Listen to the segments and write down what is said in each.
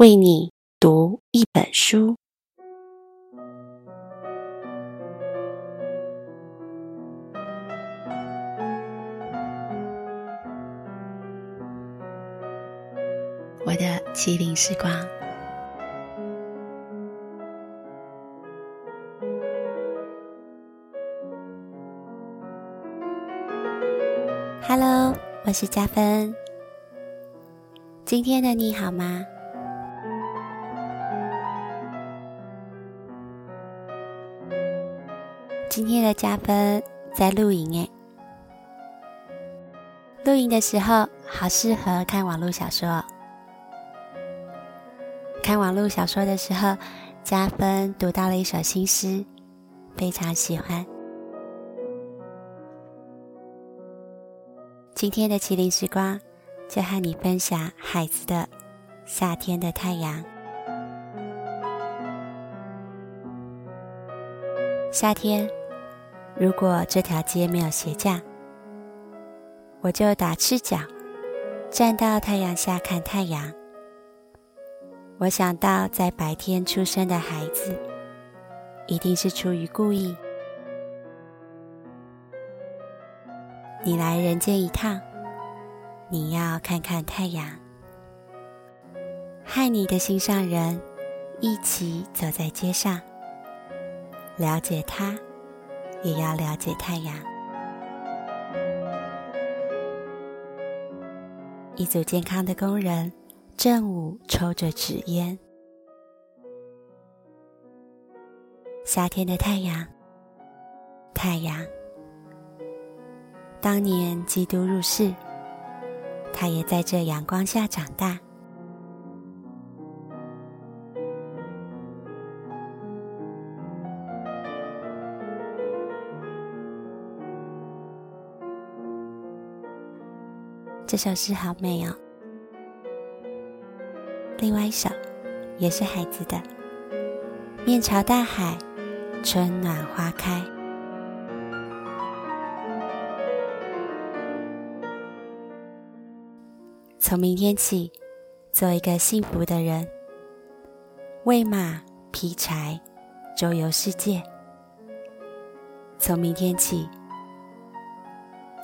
為你讀一本書，《我的麒羚時光》。Hello，我是嘉芬。今天的你好嗎？今天的加分在露營耶，露營的時候好適合看網絡小說。看網絡小說的時候，加分讀到了一首新詩，非常喜歡。今天的麒羚時光，就和你分享海子的《夏天的太陽》，夏天。如果這條街沒有鞋匠，我就打赤腳站到太陽下看太陽。我想到，在白天出生的孩子，一定是出於故意。你來人間一趟，你要看看太陽，和你的心上人一起走在街上，了解他。也要了解太陽。一組健康的工人，正午抽着紙菸。夏天的太陽，太陽，當年基督入世，他也在這陽光下長大。這首詩好美哦！另外一首也是孩子的，《面朝大海，春暖花開》。從明天起，做一個幸福的人，餵馬，劈柴，周遊世界。從明天起。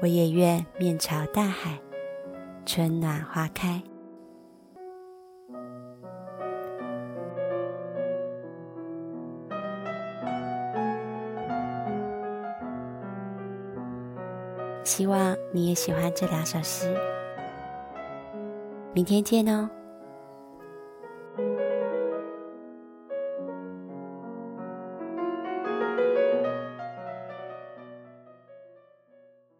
我也願面朝大海，春暖花開。希望你也喜歡這兩首詩。明天見哦。